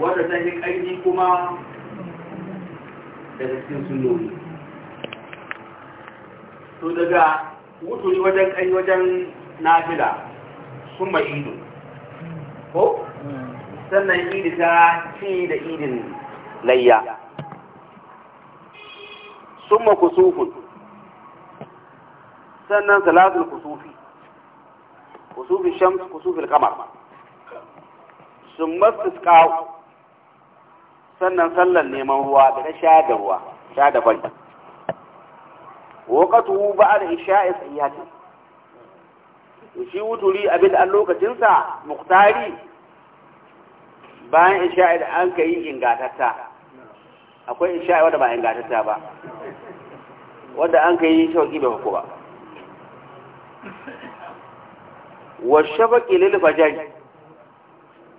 wadda ta yi ƙaidi kuma daga cikin sunoni to daga ne wajen ƙai wajen nafila sun mai ido ko sannan idi ta ci da idin layya sun ma sannan salatul kusufi kusufin shams kusufin kamar sun masu sannan sallar neman ruwa da na sha da ruwa sha da fari wakatu ba da isha'i tsayyati shi wuturi abin da an lokacinsa muktari bayan isha'i da an ka yi ingatatta akwai isha'i wadda ba ingatatta ba wadda an ka yi shauƙi bai hukku ba washe baƙi lil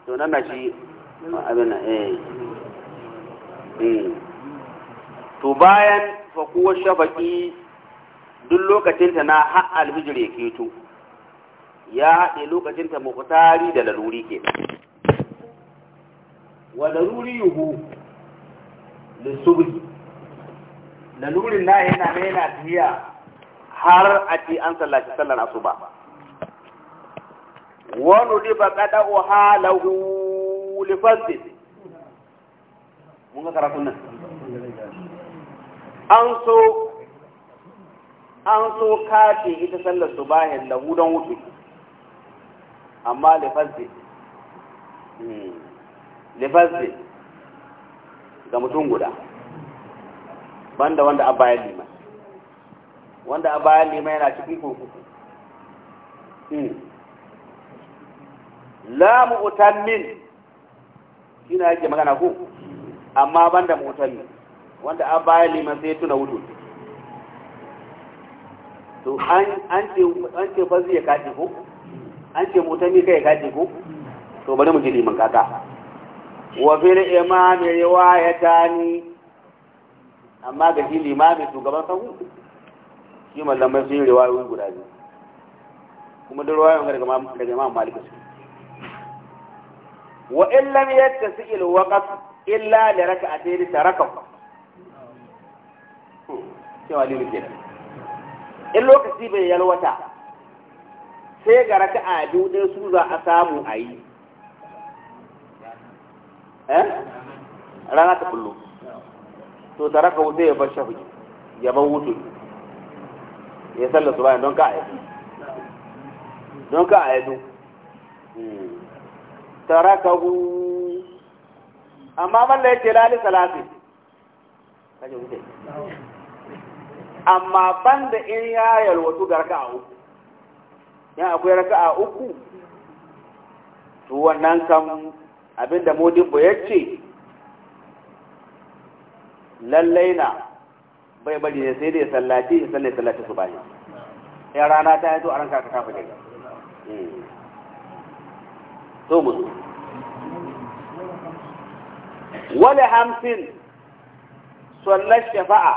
to nan na shi abin eh Eh. to bayan fakuwar shafaƙi duk lokacinta na har alhijir ya to ya haɗe lokacinta mafutari da laluri ke wa laluri yuhu lissubi lalurin na yana na yana biya har a ce an sallaci sallar asuba wani riba kada uha lahu mun ga karatun nan an so an so kace ita sallar subahin lahu don wuce amma lifazzi hmm, lifazzi ga mutum guda banda wanda a bayan liman wanda a bayan liman yana cikin kurkuku hmm. la mu'tammin shi na yake magana ko amma banda mutane wanda an bayan liman sai tuna wudu to an ce fazi ya kaji ko an ce mutane kai ya kaji ko to bari mu ji liman kaka wa fil imam riwayatani amma ga shi limamin shugaban sahu shi mallamai sun yi riwayoyi guda biyu kuma da riwayoyin daga imam malik su wa illam yattasil waqas illa da raka a tsaye ta raka cewa in lokaci bai yalwata sai ga raka'a a biyu ɗaya su za a samu a yi eh? rana ta kullu to ta raka wuce ya bar shafi ya bar wuce ya salla su bayan don ka a don ka a yadu hmm. ta raka wuce amma wanda yake ce lali salati kaje wuce amma banda in ya yalwatu ga raka'a uku yan akwai raka'a uku to wannan kam abinda modibbo ya ce lallai na bai bari ne sai dai sallaci in sallai sallaci su bayan yan rana ta yi to a ranka ka kafa gari hmm. to mu Wani hamsin sallar shafa'a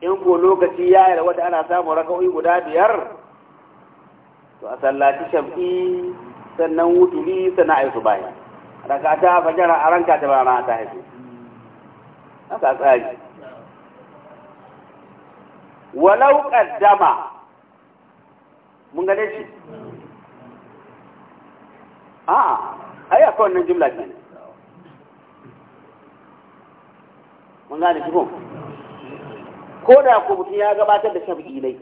in ko lokaci ya yi wata ana samun raka'o'i guda biyar to a sallaci shafi sannan wuturi sannan a yi su bayan raka ta fajara a ranka ta bayan ta haifu haka tsari walau kaddama mun gane shi a ai akwai wannan jimla kenan gane shi ko da ko mutum ya gabatar da shafi ilai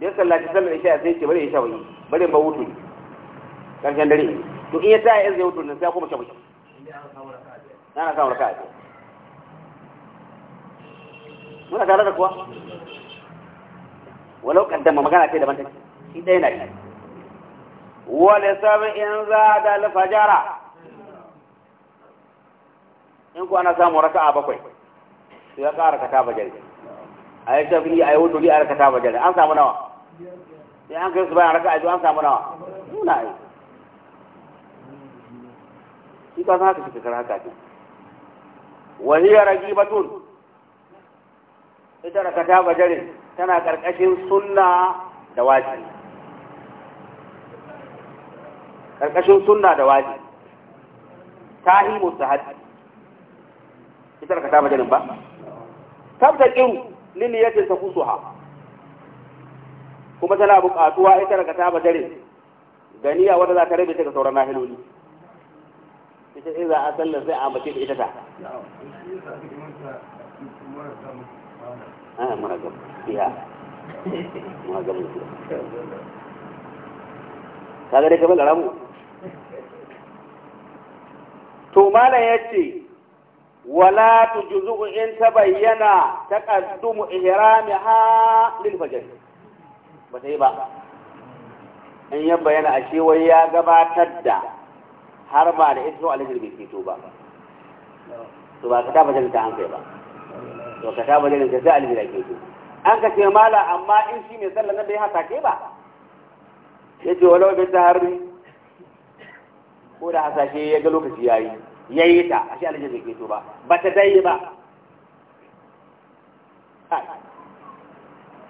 ya sallaci sallar isha sai ce bari ya shafi'i bari ba wutu karshen dare to in ya ta ya zai wutu nan sai kuma shafi'i ana samun raka'a ce muna tare da kuwa walau kaddama magana ce daban take shi ɗaya na yi wale sabin in za da alfajara in ku ana samu raka'a bakwai su ya ƙara kata bajari a yi shafi a yi wudu a rakata bajari an samu nawa sai an kai su bayan raka'a biyu an samu nawa nuna ai shi ka san haka shi kakar haka ce wahiyar ragibatun ita rakata bajari tana ƙarƙashin sunna da wajibi ƙarƙashin sunna da wajibi tahi hi ita ka ta jirin ba tabta kiru liliyatin ta ha, kuma tana buƙatuwa ita ka ta majalin a wanda za ta rabe ta ga sauran nahiloli ita in za a tsalla sai a mace da ita ta ana ah, muna iya kamar da ramu to malam ya ce wala tujzu in tabayyana taqaddumu ihramiha lil fajr ba sai ba in ya yana ashe wai ya gabatar da har ma da ita alhijir bai fito ba to ba ka ta bayyana ta an kai ba to ka ta bayyana ta sai alhijir ke to an ka ce mala amma in shi mai sallar na bai haka ke ba yace walau bi taharri ko da hasashe ya ga lokaci yayi ya yi ta a shi alhaji bai keto ba ba ta dai ba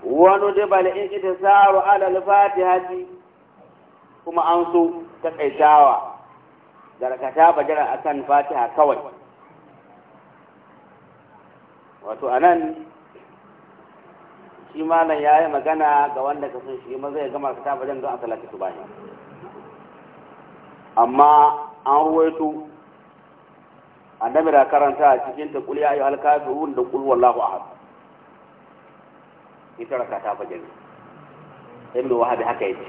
wani dubal in ita sa'aru alal fatihati kuma an so ta kaitawa zarkata a akan fatiha kawai wato anan shi malam ya yi magana ga wanda ka sun shi maza ya gama ka ta don a salatu su amma an ruwaito annabi na karanta a cikin ta kul ya alkafirun da kul wallahu ahad ita raka ta bajani ibnu wahab haka yace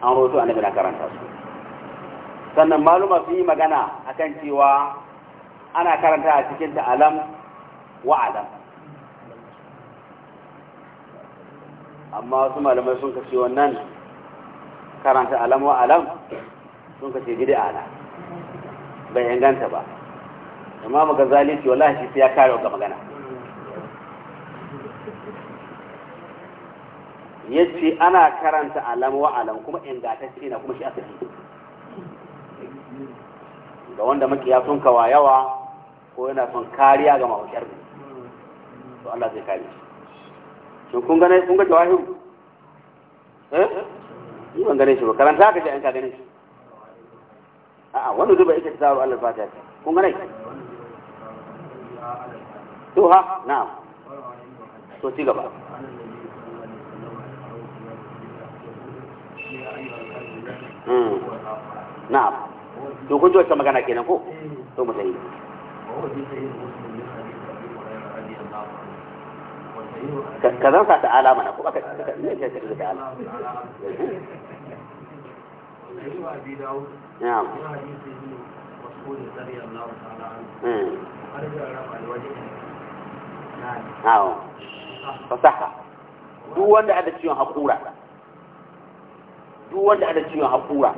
an roto annabi na karanta su sannan maluma su yi magana akan cewa ana karanta a cikin ta alam wa alam amma wasu malamai sun kashe wannan karanta alam wa alam sun kashe gida ala bai inganta ba imamu gazali ce wallahi shi sai ya kare ga magana yace ana karanta alam wa alam kuma shi na kuma shi asali ga wanda makiya sun kawa yawa ko yana son kariya ga mahushar ne to Allah zai kare shi shin kun gane kun ga jawahiru eh ni ban gane shi ba karanta ka ji an ka gane shi a'a wannan duba ita ta zaro Allah fata ta kun ga nai to ha na'am to ci gaba hmm, na'am to kun ji wacce magana kenan ko to mu tayi ka zan sa ta'ala mana ko ba ka ta'ala نعم Awo, fasaha, duk wanda ada ciwon haƙura, duk wanda ada ciwon haƙura,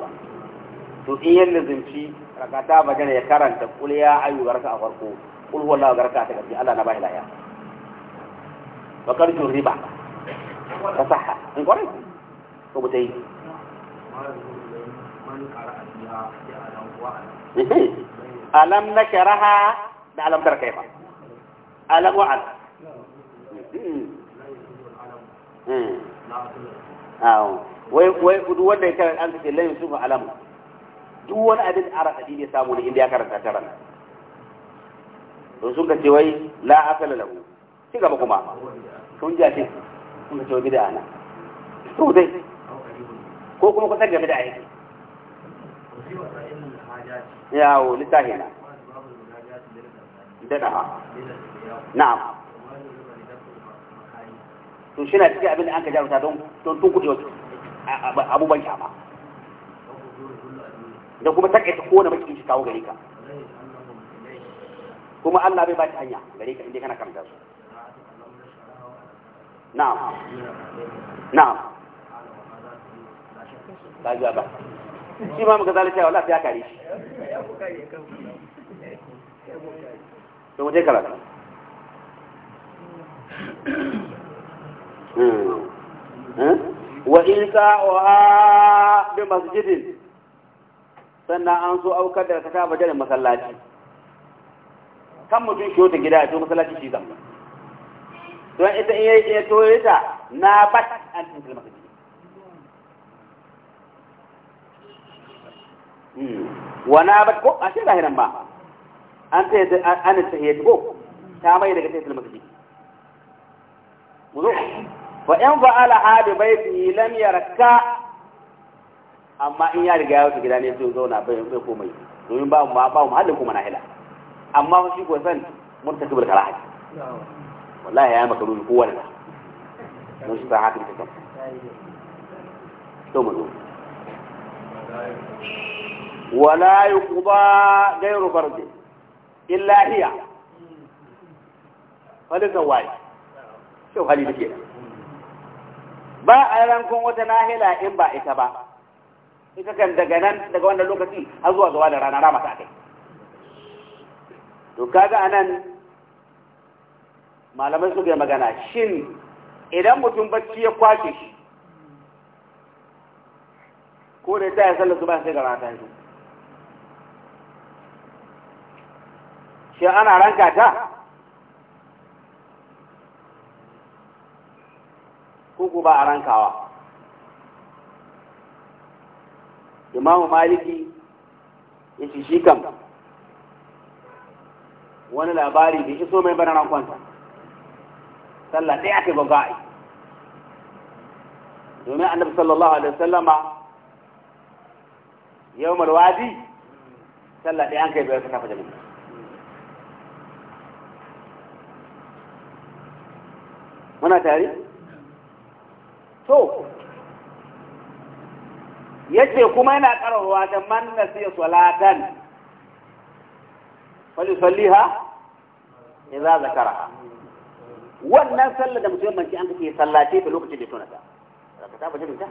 to in yin lizinci rakata bajana ya karanta kuliya A'a garka a farko, kulhuwar lawa garka ta gafi Allah na bahi laya. Bakar riba, fasaha, alam mhm. na sharaha da alam kai ba alam wa alam mhm. Mhm. wai wai kudu wanda ya karanta an take layin sufa alam duk wani abin da ara ne samu ne inda ya karanta taran don sun ka ce wai la asala lahu ci gaba kuma sun ji a ce sun ka ce wai bid'a ana to dai ko kuma kusa game da aiki yawo littafi na daɗa na'am to shi na cikin abin da an ka jarumta don tun kuɗe wasu abubuwan kyama da kuma takaita kowane bakin shi kawo gare ka kuma Allah bai ba shi hanya gare ka inda kana karanta su na'am na'am ba ba shi ma muka zalunci wallahi ya kare shi to mu je kala hmm. hmm? wa isa wa bi masjidin sannan an so aukar da ta ba jarin masallaci kan mutum shi wata gida ya to masallaci shi zamba don ita in yi ya toye ta na bat an tuntul masallaci wana ba ko a shi lahiran ba an ta yadda an ta yadda ko ta mai daga taitul masjid muzo fa in fa'ala hadu baiti lam yarka amma in ya riga ya wuce gida ne zai zauna bai bai komai domin ba mu ba mu halin kuma na hila amma shi ko san kala karaha wallahi ya maka ruhi kowa da mun shi ta hakin ta kan to mu zo ولا يقضى غير فرد إلا هي هذا زواج شو خليل كده ba a rankon wata nahila in ba ita ba ita kan daga nan daga wannan lokaci har zuwa zuwa da rana rama ta kai to kaga anan malamai suka yi magana shin idan mutum bacci ya kwace shi ko da ta ya sallar su ba sai da rana ta yi shi ana ranka ta kuku ba a rankawa imamu maliki ya ce shi kam wani labari da iso mai banaran kwanta sallah ɗaya aka ba yi domin annabi sallallahu alaihi wasallama yau marwazi sallah ɗaya an kai bai wata kafa jami'a muna tare to yace kuma yana karawa da man nasiya salatan fali salliha idza zakara wannan sallar da mutum manci an take sallace ta lokacin da tona ta ka ta bace ta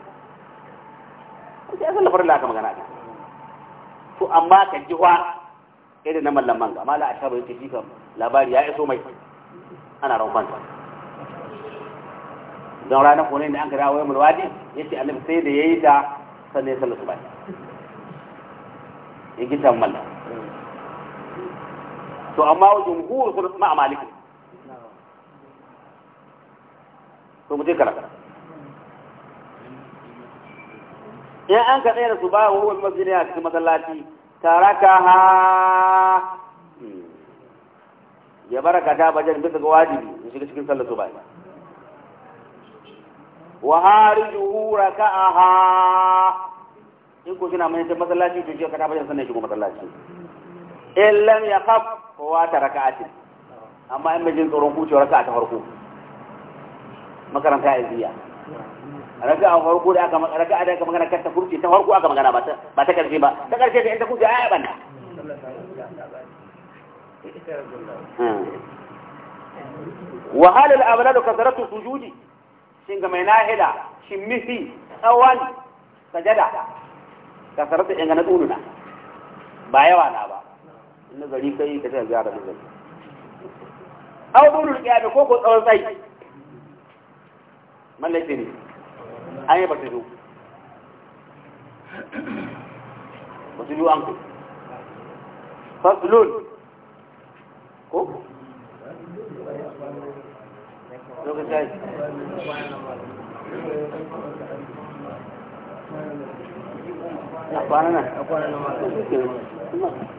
ko sai sallar farilla ka magana ta to amma ka ji wa irin na mallaman ga mala a shaba yake jika labari ya iso mai ana rawan don ranar kone ne an kada wai waje ya ce annabi sai da ya yi da sannan ya sallar su bai ya gita mallan to amma wajen jumhur sun ma'a maliki to mu je kara in an ka tsaya da su ba wa wani masjid a cikin masallaci taraka ha ya baraka ta bajan bisa ga wajibi ya shiga cikin sallar su bai wa harijuhu aha. in ko kina mai masallaci to jiya kana bayan shi ko masallaci in lam yakhaf wa taraka'ati amma in bijin tsoron k'u kucewa raka'a ta farko makaranta iziya raka'a farko da aka raka'a da aka magana kan ta kurce ta farko aka magana ba ta ba ta karshe ba ta karshe da in ta kuje ai banda hmm. wa al abladu kasratu sujudi shin ga mai nahila shimmisi tsawon sajada ka sarrafa in na tsununa ba yawa na ba inda gari kai ka ta ziyara zai aw dunul qiyam ko ko tsawon sai mallaki ne an yi batudu zo an ku faslun ko lokaci a kwanan nan